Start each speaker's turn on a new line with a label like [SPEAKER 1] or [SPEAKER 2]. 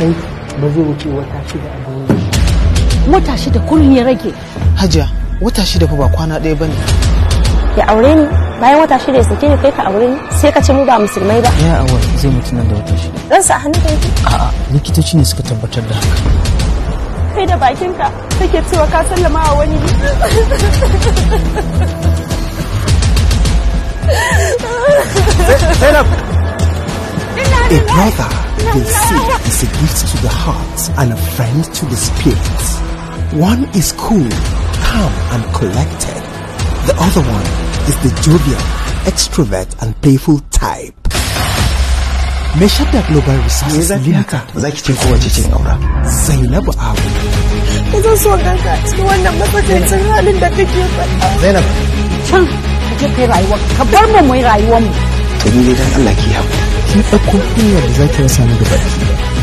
[SPEAKER 1] aiki ba zai wuce wata shida a duniya wata shida kullum ya rage
[SPEAKER 2] hajiya wata shida fa ba kwana ɗaya bane
[SPEAKER 1] ya aure ni bayan wata shida ya sake ni kai ka aure ni sai ka ce mu ba musulmai ba
[SPEAKER 2] ya awa zai mutu nan da wata shida
[SPEAKER 1] dan sa hannu kai
[SPEAKER 2] a'a likitoci ne suka tabbatar da haka
[SPEAKER 1] kai da bakinka kake cewa ka sallama wa wani
[SPEAKER 3] Zainab! Zainab!
[SPEAKER 4] Zainab eh, they say is a gift to the heart and a friend to the spirit. One is cool, calm, and collected. The other one is the jovial, extrovert, and playful type. Measure Meshadda Global Resources Limited. Zaki ce kowace Say aura. Zainabu Abu.
[SPEAKER 3] Ka zo so ga ka cikin wannan matsakaicin halin da kake faɗa. Zainab. Can ka je kai rayuwa ka bar mu mai
[SPEAKER 5] rayuwar mu. To ni dai dan Allah ki haƙuri. cikin ɗauko hanyar da za ki rasa ni gaba